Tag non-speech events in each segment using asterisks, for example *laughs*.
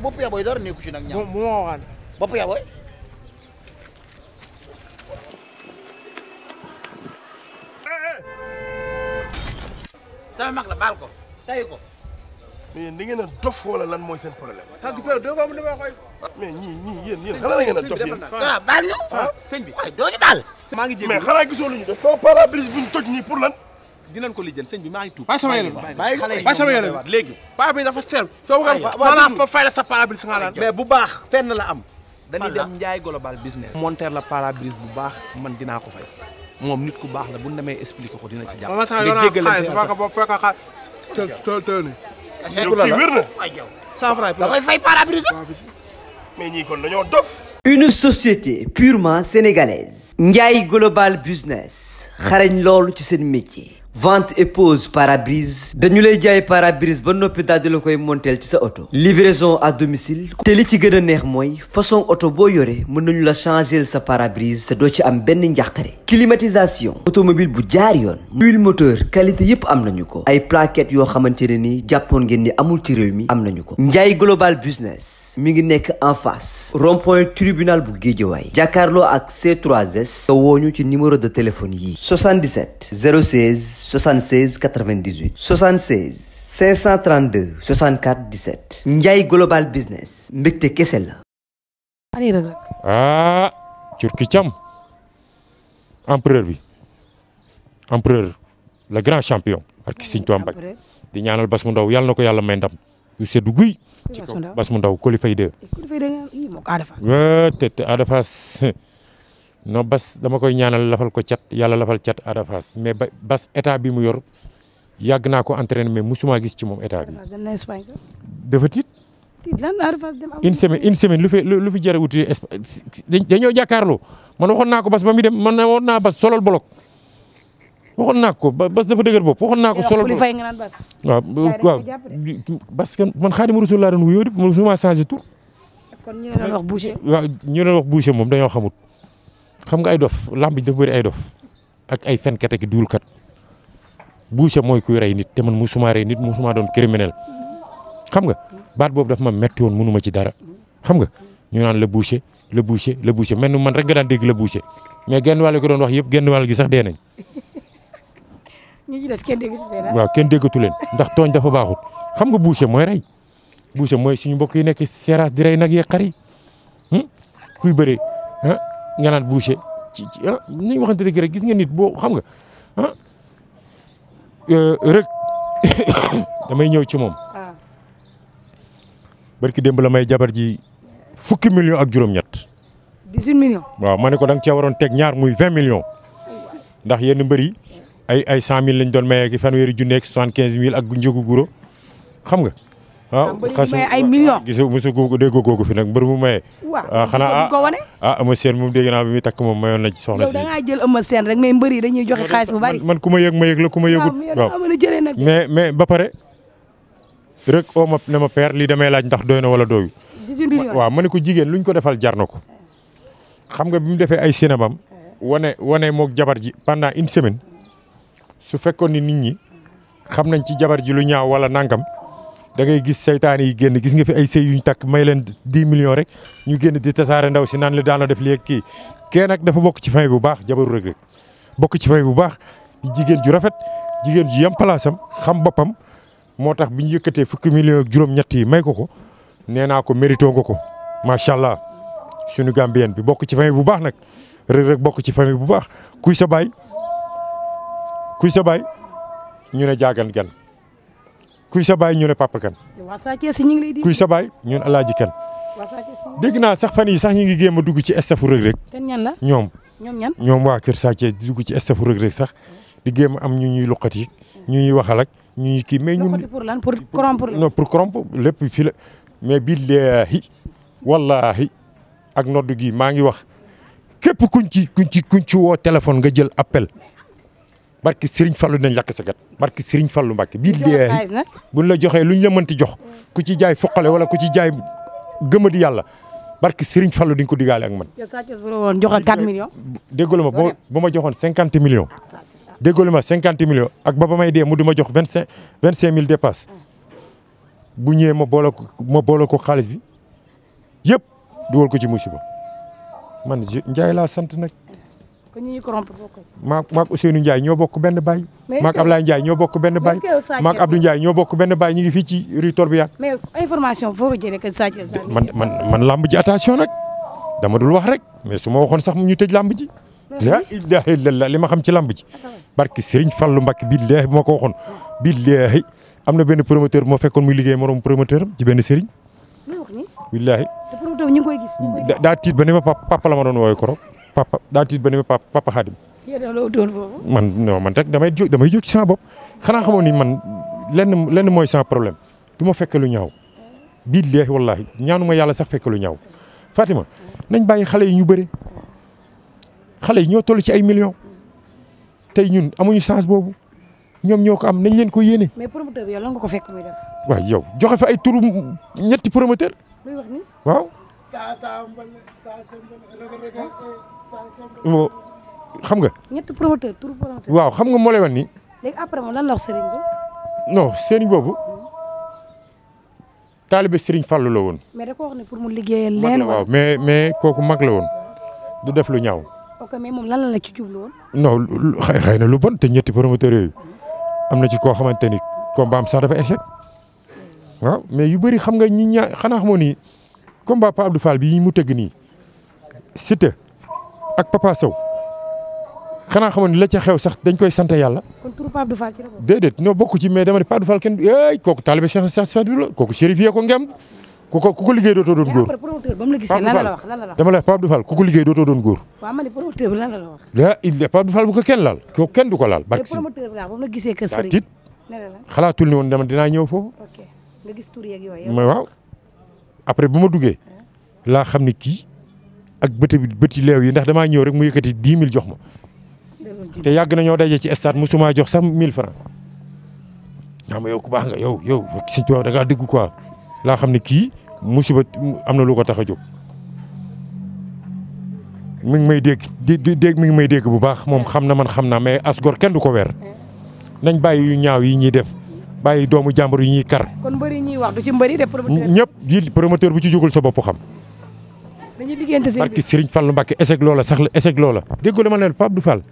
booy bopp booy dara nekku ci nag. ñaar bu ma waxaan bopp yaa booy. sama mag la baal ko tay ko. mais yéen da ngeen a dof wala lan mooy seen problème. ah du fee doo ko am dama koy. mais ñii ñii yéen yéen xanaa la ngeen a dof yéen. waaw maa ngi jéem mais xanaa gisoo lu ñu toj nii pour lan. dinañ ko lijjën sëñ bi maa ngi tuub. bàyyi sama yére bàyyi sama yére léegi. paa bi dafa seer soo ko xam fa fay la sa pare-brise nga la mais bu baax fenn la am. dañuy dem Ndiaye global business. monter la pare-brise bu baax man dinaa ko fay moom nit ku baax la bu ñu demee expliqué ko dina ci jàpp. léegi dégg nañ ci une société purement sénégalaise. Ndiaye Global Business xarañ loolu ci seen métier. vente et pose pare dañu lay jaay pare ba noppi daldi la koy monteel ci sa oto livraison à domicile te li ci gën a neex mooy façon oto boo yore mën nañu la changer sa parabrise brise te doo ci am benn njàqare climatisation automobile bu jaar yoon huile moteur qualité yépp am nañu ko ay plaquettes yoo xamante ne ni jàppoon ngeen ni amul ci réew mi am nañu ko Ndiaye global business mi ngi nekk en face rond tribunal bu Guédiawaye jàkkaarloo ak C3S nga wooñu ci numéro de téléphone yii 77 016 76 98 76 532 64 17 Ndiaye Global Business mbégte kese la. ah Turki Thiam empereur bi empereur le grand champion. ak Sëñ Tuubaa Mbakke di ñaanal bas mu ndaw yàlla na ko yàlla may ndam yu seddu guy. bas mu ndaw Koli Faye 2. te te Ada *laughs* non bas dama koy ñaanal lafal ko cat yàlla lafal cat a Fass mais bas état bi mu yor yàgg naa ko entraîné mais musuma gis ci moom état bi. dafa tiit. une semaine une semaine lu fi lu fi jar a wuti dañoo jàkkaarloo man waxoon naa ko bas ba muy dem man waxoon naa bas solal bolok waxoon naa ko bas dafa dëgër bopp waxoon naa ko. solal bolok waaw waaw bas kan man Xaadimu Rasuul laa doon wuyoo di musuma changé tur. kon ñu doon wax boucher. waaw ñu doon wax moom dañoo xamut. xam nga ay dof làmb ji dafa bëri ay dof ak ay fenkat ak duul kat Boucher mooy kuy rey nit te man musuma rey nit musuma doon criminel xam nga baat boobu dafa ma metti woon mënuma ci dara xam nga ñu naan le Boucher le Boucher le Boucher mel ni man rek nga daan dégg le Boucher mais genn wàll ko doon wax yëpp genn wàll gi sax dee nañ. *laughs* ñi ah? kenn déggatu leen waaw kenn déggatu ndax tooñ dafa baaxut xam nga Boucher mooy rey Boucher mooy suñu mbokk yi nekk Seras di rey nag yee xar hmm? kuy ah? nga naan boucher ci ci ah nañ waxante gis nga nit boo xam nga ah euh, rek *coughs* damay ñëw ci moom. Ah. barki démb la may jabar ji fukki million ak juróom-ñett. 18 millions. waaw ma ne ko da nga cee waroon teg ñaar muy 20 millions ndax yenn mbër yi ay ay mille lañ doon mayee ki fanweeri cent ak 75000 ak njëgu guro xam nga. waaw xasu ay million gisu mosu ko déggoo kooku fi nag mbër mu maye ah, xanaa ko ah, wane ah Eumeu Sène moom dégg naa bi muy takk moom mayoon na ci soxna si yow da rek mais mbër yi dañuy joxe xaalis bu bari man ku ma yëg ma yëg la ku ma yëgut waaw mais mais ba pare rek oo ma ne ma père lii damay laaj ndax doy na wala doyu waaw ma ne ko jigéen luñ ko defal jar ko xam nga bi mu defee ay cinémam wane wane moog jabar ji pendant une semaine su fekkoon ni nit ñi xam nañ ci jabar ji lu ñaaw wala nangam da ngay gis seytaan yi génn gis nga fi ay sëy yuñ takk may leen dix millions rek ñu génn di tasaare ndaw si naan la daan def léegi kii kee nag dafa bokk ci fay bu baax jabaru Reug bokk ci fay bu baax jigéen ju rafet jigéen ju yem palaasam xam boppam moo tax bi ñu fukki millions ak may ko ko nee naa ko mérito nga ko macha allah suñu gambien bi bokk ci famille bu baax nag Reug bokk ci famille bu baax kuy sa baay kuy sa baay ñu ne jaagan gan kuy sa baay a ne papa kan. kuy sa baay ñu ne alaaji kan. dégg naa sax fan yi sax ñu ngi géem a dugg ci estafu Reug Reug. ñoom ñoom waa Kër Sa Thiès di dugg ci estafu Reug Reug sax di géem a am ñu ñuy luqati ñu ñuy waxal ak ñu ñuy kii mais ñun. pour lan pour corrompre non pour corrompre lépp fi la mais billaahi wallaahi ak noddu gi maa ngi wax képp kuñ ci kuñ ci kuñ ci woo téléphone nga jël appel. barki Serigne Fallou dañ lakk sa gat barki Serigne Fallou Mbacke bii bu buñ la joxee luñ la mënti jox ku ci jaay foqale wala ku ci jaay gëmadi yàlla barki Serigne Fallou di nga ko digaale ak man. yow Sa Thiès bu la woon jox ma boo ba ma joxoon cinquante millions. déggoolu ma 50 millions ak ba ba may dee mu du ma jox 25 25 000 dépasse bu ñëwee ma boole ko ma boole ko xaalis bi yëpp dugal ko ci musiba man Ndiaye la sant nag. ko ñi corrompre bokk ci. maak maak Ousseynou Ndiaye ñoo bokk benn baay. maak Ablaye Ndiaye ñoo bokk benn baay. maak Abdou Ndiaye ñoo bokk benn baay ñu ngi fii ci rue Torbiac. mais information foo ko man man man làmb ji attention nag dama dul wax rek mais su ma waxoon sax mu ñu tëj làmb ji. la ilaha illallah li ma xam ci lamb ji. Ah, barki Serigne Fallou Mbacké billahi bu ma ko waxoon. billahi am na benn promoteur moo fekkoon muy liggéey morom promoteur am ci benn Serigne. lu wax ñu ngi koy gis. daa tiit ba ni ma papa la ma doon woowee korok papa daa tiit ba ne papa papa Xaadim. man non man rek damay jóg damay jóg ci sama bopp xanaa xamoon nii man lenn lenn mooy sans problème du ma fekk lu ñaaw. bii leex wallaahi ñaanu ma yàlla sax fekk lu ñaaw Fatima nañ bàyyi xale yi ñu bëri xale yi ñoo toll ci ay millions tey ñun amuñu chance boobu ñoom ñoo ko am nañ leen ko yéene. mais promoteur bi nga ko fekk muy def. waaw joxe fa ay turu ñetti promoteur. waaw. moo xam nga. ñetti promoteur turu waaw xam nga moo lay wan ni. léegi après moom lan la sëriñ bi. sëriñ boobu. taalibe sëriñ Fallou la woon. mais da mu liggéeyal leen. waaw mais mais kooku mag la woon. du def lu ñaaw. ok moom lan la la ci jublu woon. non xëy xëy na lu bon te ñetti promoteurs yooyu. am na ci koo xamante ni combat am sax dafa échec. waaw mais yu bëri xam nga ñi ñaa xanaa xamoo ni. combat Pape Abdou Fall bii mu tëgg nii Siteu ak Papa Sow xanaa xamoon ni la ca xew sax dañ koy sant yàlla. kon turu bokk. déedéet non bokku ci mais dama ne Pape Abdou Fall eh, ko ngem ku ko ku ko liggéey dootoo doon góor. dama la wax Pape ko liggéey dootoo doon góor. waaw man de promoteur bi lan la la wax. la il Pape Abdou kenn laal ko kenn du ko laal. barke si promoteur bi ba mu la gisee kër Serigne. xalaatul ne dinaa ñëw foofu. waaw après bu ma duggee laa xam ne kii ak bëti bëti leew yi ndax damaa ñëw rek mu yëkkati dix mille jox ma. te yàgg na ñoo daje ci stade musuma jox sax mille franc. xam nga yow ku baax nga yow yow si da ngaa dëgg ko laa xam ne kii ba am na lu ko tax a jóg. mu ngi may dégg di dégg mi ngi may dégg bu baax moom xam na man xam naa mais as kenn du ko weer nañ bàyyi ñaaw yi ñuy def. bàyyi doomu jàmbur yi ñuy kar. kon mbëri ñuy wax du ci mbëri de promoteur. ñëpp yi promoteur bu ci jógul sa bopp xam. dañuy diggante seen barki Serigne Fallou Mbacke échec loola sax la échec loola. déggoo ma leen Pape du Fall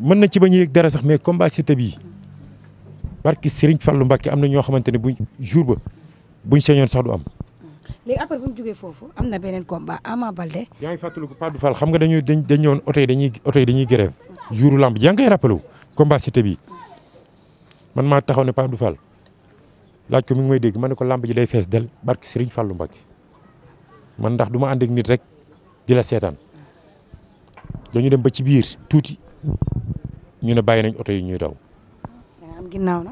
mën na ci ba ñu yëg dara sax mais combat Siteu bii barki Serigne Fallou Mbacke am na ñoo xamante ne buñ jour ba bu buñ sañoon sax du am. léegi après bu ñu jógee foofu am na beneen combat Ama Baldé. yaa ngi fàttaliku Pape du Fall xam nga dañuy dañ dañ ñëwoon oto yi dañuy oto yi dañuy grève jouru lamb yaa ngi koy rappelé combat Siteu man maa taxaw ne Pape du Fall laaj ko mi ngi may dégg ma ne ko làmb ji day fees del barki Serigne fallu Mbacké man ndax duma ma ànd ak nit rek di la seetaan dañu dem ba ci biir tuuti ñu ne bàyyi nañ oto yi ñuy daw. am ginnaaw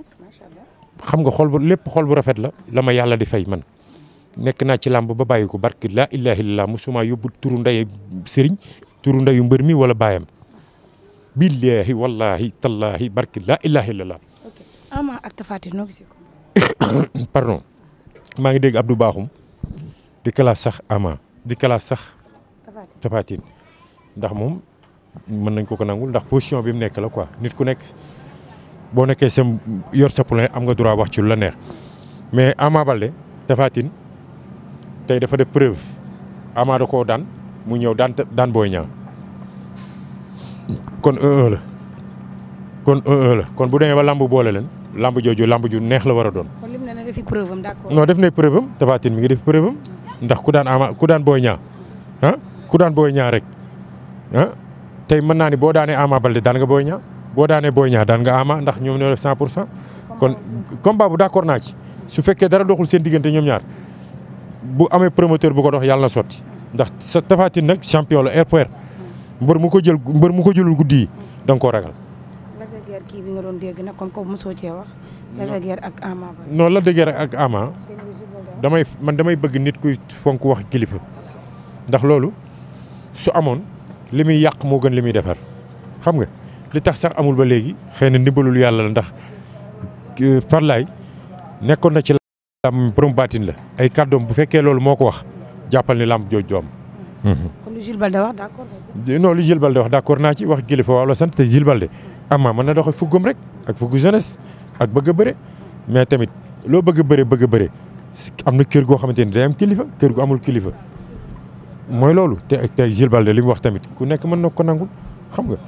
xam nga xol bu lépp xol bu rafet la la ma yàlla di fay man nekk naa ci làmb ba bàyyi ko barki la ilaaha illallaah musuma turu ndeyu Serigne turu ndeyu mbër mi wala baayam billaahi wallaahi tallaahi barki laa ilaaha ak Tapha Tine noo gisee ko. *coughs* pardon maa ngi dégg Abdou Bakhoum di classe sax Ama di classe sax. Tapha ndax moom mën nañ ko ko nangul ndax position bi mu nekk la ko nit ku nekk boo nekkee sa yor sa poulain am nga droit wax ci lu la neex mais Ama bale Tapha tey dafa def preuve Ama da koo daan mu ñëw daan daan Boy Niang kon 1 la kon 1 la kon bu demee ba lamb boole leen. lamb jooju lamb ju neex la war a doon. kon lim na ne defi def na preuve am Tapha mi ngi def preuve am ndax ku daan ama ku daan booy ñaa ah ku booy ñaa rek ah tey mën naa ni boo daanee Ama Baldé daan nga booy ñaa boo daanee booy ñaa daan nga ama ndax ñoom ñoo def pour cent kon combat bu d'accord naa ci su fekkee dara doxul seen diggante ñoom ñaar bu amee promoteur bu ko dox yàlla na sotti ndax sa Tapha Tine nag champion la RPR mbër mu ko jël mbër mu ko jëlul guddi yi da koo ragal. guerre kii bi nga doon dégg nag comme comme mosoo cee ak Ama. non Lac de Guiers ak Ama damay man damay bëgg nit kuy fonk wax kilifa ndax loolu su amoon li muy yàq moo gën li muy defar xam nga li tax sax amul ba léegi xëy na ndimbalul yàlla la ndax Farlaay nekkoon na ci làmb borom baatin la ay kàddoom bu fekkee loolu moo ko wax jàppal ni làmb jooj du am. kon lu Jules Balde wax d'accord non naa ci wax kilifa waaw la sant te Jules Ama mën na doxee fuggum rek ak fuggu jeunesse ak bëgg a bëre mais tamit loo bëgg a bëre bëgg a bëre am na kër goo xamante ni day am kilifa kër gu amul kilifa. mooy loolu te te Gilles Balde li mu wax tamit ku nekk mën na ko nangul xam nga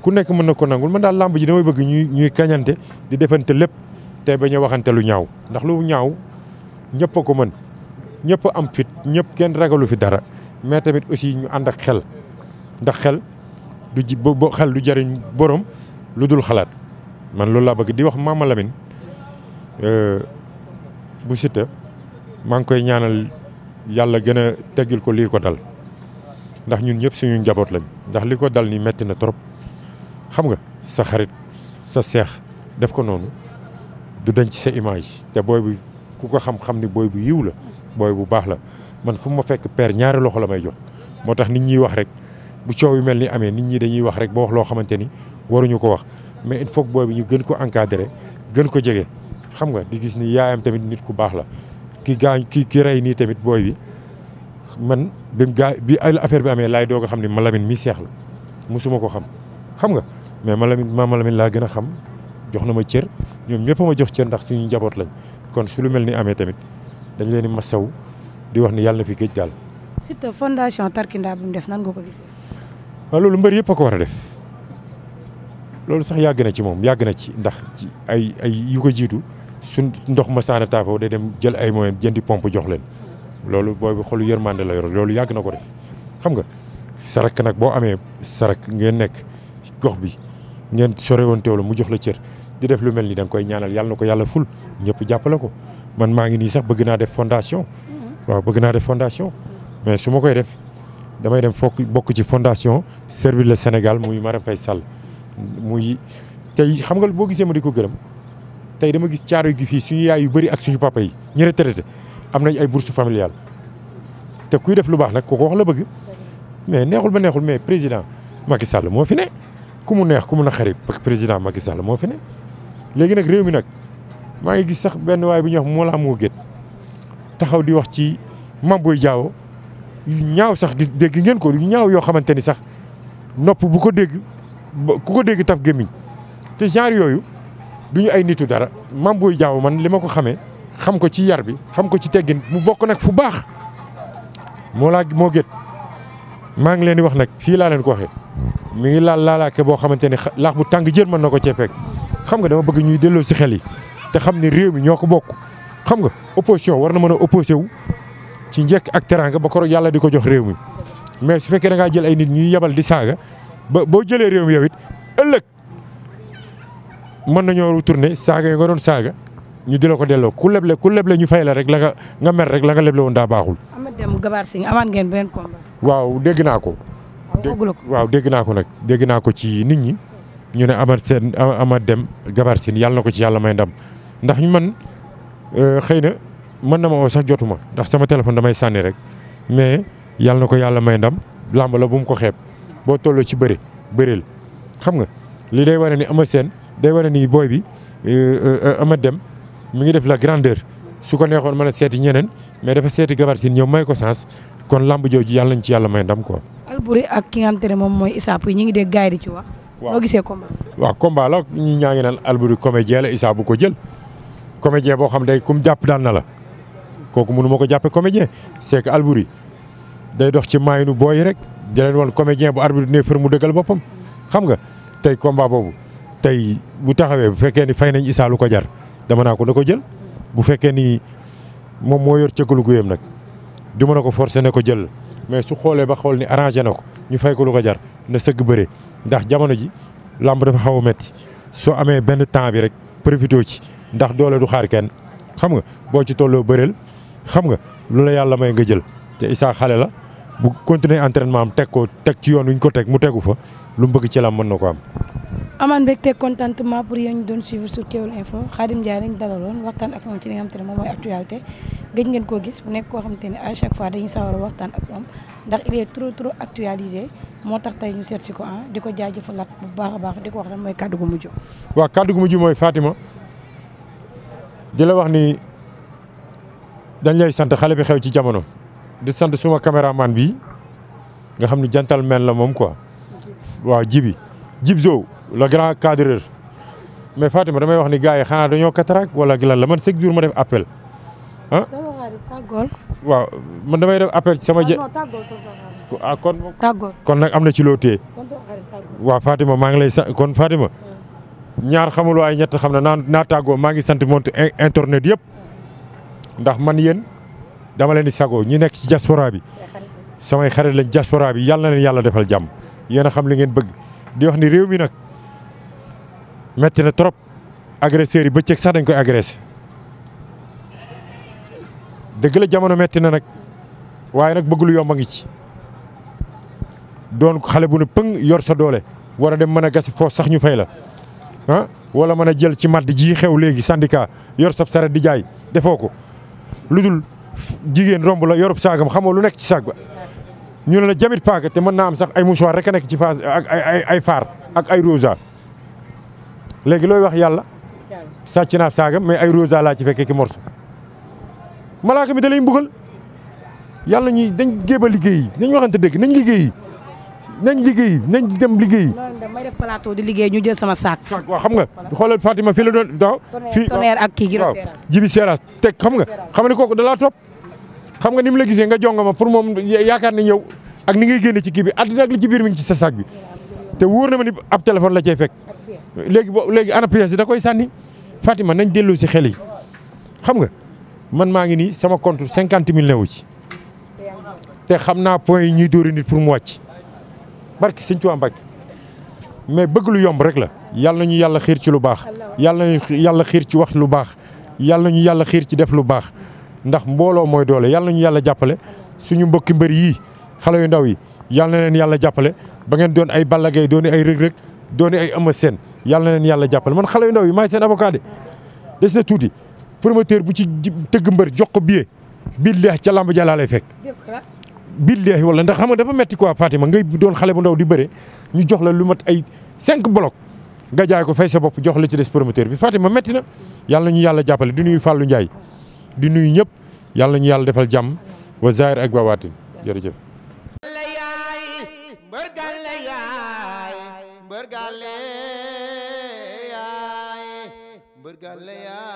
ku nekk mën na ko nangul mën daal làmb ji damay bëgg ñuy ñuy kañante di defante lépp te bañ a waxante lu ñaaw ndax lu ñaaw ñëpp a ko mën ñëpp am fit ñëpp kenn ragalu fi dara mais tamit aussi ñu ànd ak xel ndax xel du ji bo xel du jariñ borom lu dul xalaat man loolu laa bëgg di wax Mama Lamine euh, bu Siteu maa ngi koy ñaanal yàlla gën a teggil ko lii ko dal ndax ñun ñëpp suñu njaboot lañ ndax li ko dal ni metti na trop xam nga sa xarit sa seex def ko noonu du denc sa image te booy bu ku ko xam-xam ni booy bu yiw la booy bu baax la man fu ma fekk peer ñaari loxo la may jox moo tax nit ñiy wax rek bu coow yu mel ni amee nit ñi dañuy wax rek ba wax loo xamante ni waruñu ko wax mais il faut que booy bi ñu gën ko encadrer gën ko jege xam nga di gis ni yaayam tamit nit ku baax la ki gaañ ki ki rey nii tamit booy bi man bi mu gaa bi affaire bi amee laay doog a xam ni Malamine mi seex la mosuma ko xam xam nga mais Malamine ma Malamine laa gën a xam jox na ma cër ñoom ñëpp ma jox cër ndax suñu njaboot lañ kon su lu mel ni amee tamit dañu leen di masaw di wax ni yàlla na fi géej daal. Siteu fondation Tarkinda bu mu def nan nga ko gisee. waaw loolu mbër yëpp a ko war a def. loolu sax yàgg na ci moom yàgg na ci ndax ci ay ay yu ko jiitu suñ ndox ma saana taafoo day dem jël ay moyen jëndi pompe jox leen loolu booy bi xolu yërmande la yor loolu yàgg na ko def xam nga sarak nag boo amee sarak ngeen nekk gox bi ngeen sore woon teewlu mu jox la cër di def lu mel ni da nga koy ñaanal yàlla na ko yàlla ful ñëpp jàppale ko man maa ngi nii sax bëgg naa def fondation mm-hmm. waaw bëgg naa def fondation mais su ma koy def damay dem fokk bokk ci fondation Servir le Sénégal muy Marème Faye Sall muy tey xam nga boo gisee ma di ko gërëm tey dama gis caaro gi fii suñu yaay yu bëri ak suñu papa yi ñu retraité am nañ ay bourse familiale te kuy def lu baax nag kooku wax la bëgg mais neexul ba neexul mais président Macky Sall moo fi ne ku mu neex ku mu na xarit président Macky Sall moo fi ne léegi nag réew mi nag maa ngi gis sax benn waay bu ñuy wax Mollah génn taxaw di wax ci Mame Boye Diao yu ñaaw sax gis dégg ngeen ko yu ñaaw yoo xamante ni sax nopp bu ko dégg ku ko dégg taf gémmiñ te genre yooyu ñu ay nitu dara Mame booy Diao man li ma ko xamee xam ko ci yar bi xam ko ci teggin mu bokk nag fu baax moo laa moo gét maa ngi leen di wax nag fii laa leen ko waxee mu ngi laal laalaake boo xamante ni laax bu tàng jër mën na ko cee fekk xam nga dama bëgg ñuy delloo si xel yi te xam ne réew mi ñoo ko bokk xam nga opposition war na mën a opposé wu ci njekk ak teraanga ba ko yàlla di ko jox réew mi mais su fekkee da ngaa nit ñuy yebal di saaga ba boo jëlee réew mi yow it ëllëg mën nañoo retourner saaga yi nga doon saaga ñu di ko delloo ku leble ku leble ñu fay la rek la nga nga rek la nga leble woon daa baaxul. Amath Deme Gabar Singh amaat ngeen beneen combat. waaw dégg naa ko. waaw dégg naa ko nag dégg naa ko ci nit ñi ñu ne Amath seen Amath Deme Gabar Singh yàlla ko ci yàlla may ndam ndax ñu man euh, xëy na mën na ma oo sax jotuma ndax sama téléphone damay sànni rek mais yàlla ko yàlla may ndam làmb bu mu ko xeeb. boo tolloo ci bëre bëreel xam nga lii day wane ni Eumeu seen day wane nii booy bi euh, euh, Eumeu dem mu ngi def la grandeur su ko neexoon mën a seeti ñeneen mais dafa seeti Gabar Sine ñëw may ko sens kon lamb jooju yàlla nañ ci yàlla may ndam quoi. Alboury ak ki nga xamante ne moom mooy Issa ñu ngi dégg gars di ci wax. waaw noo gisee combat. waaw ngi naan Alboury comédien la Issa bu ko jël comédien boo xam day kum jàpp daal na la kooku mënu ma ko jàppee comédien c'est que Alboury day dox ci maayinu booy rek. di leen comme comédien bu arbitre ne fër mu dëggal boppam xam nga tey combat boobu tey bu taxawee bu fekkee ni fay nañ Issa lu ko jar dama naa ko na ko jël bu fekkee nii moom moo yor cëkkalu guyam nag du mën a ko forcer ne ko jël mais su xoolee ba xool ni arrangé na ko ñu fay ko lu ko jar na sëgg bëre ndax jamono ji làmb dafa xaw a metti soo amee benn temps bi rek profité ci ndax doole du xaar kenn xam nga boo ci tolloo bëreel xam nga lu yàlla may nga jël te Issa xale la bu continuer entraînement am teg ko teg ci yoon wi ñu ko teg mu tegu fa lu mu bëgg ci lam mën na ko am. amaan te contentement pour yéen ñu doon suivre sur Kewel Info Khadim Ndiaye lañ dalaloon waxtaan ak moom ci li nga xamante ne moom mooy actualité gëj ngeen koo gis mu nekk koo xamante ne à chaque fois dañuy sawar a waxtaan ak moom ndax il est trop trop actualisé moo tax tey ñu seet si ko ah di ko jaajëfalaat bu baax a baax di ko wax lan mooy kàddu gu mujj. waaw kàddu gu mujj mooy Fatima la wax ni dañ lay sant xale bi xew ci jamono. di sant suma caméraman bi nga xam ne gentleman la moom quoi waaw jibi jib Sow le grand cadreur mais Fatima damay wax ni gars yi xanaa dañoo katarak wala lan la man chaque ma def appel ah. waaw man damay def appel sama. jë ah kon. kon nag am na ci loo waa waaw Fatima maa ngi lay sant kon Fatima. Hmm. ñaar xamul waaye ñett xam na naa naa tàggoo maa ngi sant monte internet yëpp ndax man yéen. dama leen di sago ñu nekk ci diaspora bi samay xarit lañ diaspora bi yàlla na leen yàlla defal jàmm yéen a xam li ngeen bëgg di wax ni réew mi nag metti na trop agresseurs yi bëccëg sax dañ koy agressé dëgg la jamono metti na nag waaye nag bëgg lu yomb a ngi ci doon xale bu ne pëng yor sa doole war a dem mën a gasi foos sax ñu fay la ah wala mën a jël ci madd ji xew léegi syndicat yor sab saret di jaay defoo ko lu dul jigéen romb la yorub saagam xamoo lu nekk ci saag ba ñu ne la jamit paaka te mën naa am sax ay mouchoir rek a nekk ci phase ak ay ay faar ak ay rosa léegi looy wax yàlla sàcc naa saagam mais ay rosa laa ci fekkee ki morso malaaka mi da lay mbugal yàlla ñuy dañ géeb a liggéey nañ waxante dëgg nañ liggéey nañ liggéey nañ dem liggéey dem may def di liggéey ñu jël sama saak. saak waaw xam nga xoolal Fatima fii la doon daaw. fii tonnerre ak kii Giro Seras Jibi teg xam nga xam nga kooku da laa topp. xam nga ni mu la gisee nga jongama pour moom yaakaar nañ yow ak ni ngay génne ci kii bi àddina ak li ci biir mi ngi ci sa saak bi te wóor na ma ni ab téléphone la cay fekk léegi bo léegi ana pièce da koy sànni Fatima nañ delloo si xel yi xam nga man maa ngi nii sama compte cinquante mille newu ci te xam naa point yi ñuy dóori pour mu wàcc barki sëñ Tuubaa mais bëgg lu yomb rek la yàlla ñu yàlla xiir ci lu baax yàlla nañu yàlla xiir ci wax lu baax yàlla nañu yàlla xiir ci def lu baax ndax mbooloo mooy doole yàlla nañu yàlla jàppale suñu mbokki mbër yii xale yu ndaw yi yàlla na leen yàlla jàppale ba ngeen doon ay Balla Gaye doon ay Reug Reug doon ay Eumeu seen yàlla na leen yàlla jàppale man xale yu ndaw yi maay seen avocat de des na tuuti promoteur bu ci tëgg mbër jox ko billet leex ca lamb ja laa fekk billaahi wala ndax xam nga dafa metti quoi Fatima ngay doon xale bu ndaw di bëre ñu jox la lu mat ay cinq bloc nga jaay ko fay sa bopp jox la ci des promoteur bi Fatima metti na yàlla ñu yàlla jàppale di nuyu Fallou Ndiaye di nuyu ñëpp yàlla ñu yàlla defal jàmm wa zahir ak bawaatin jërëjëf mbër gàlle yaay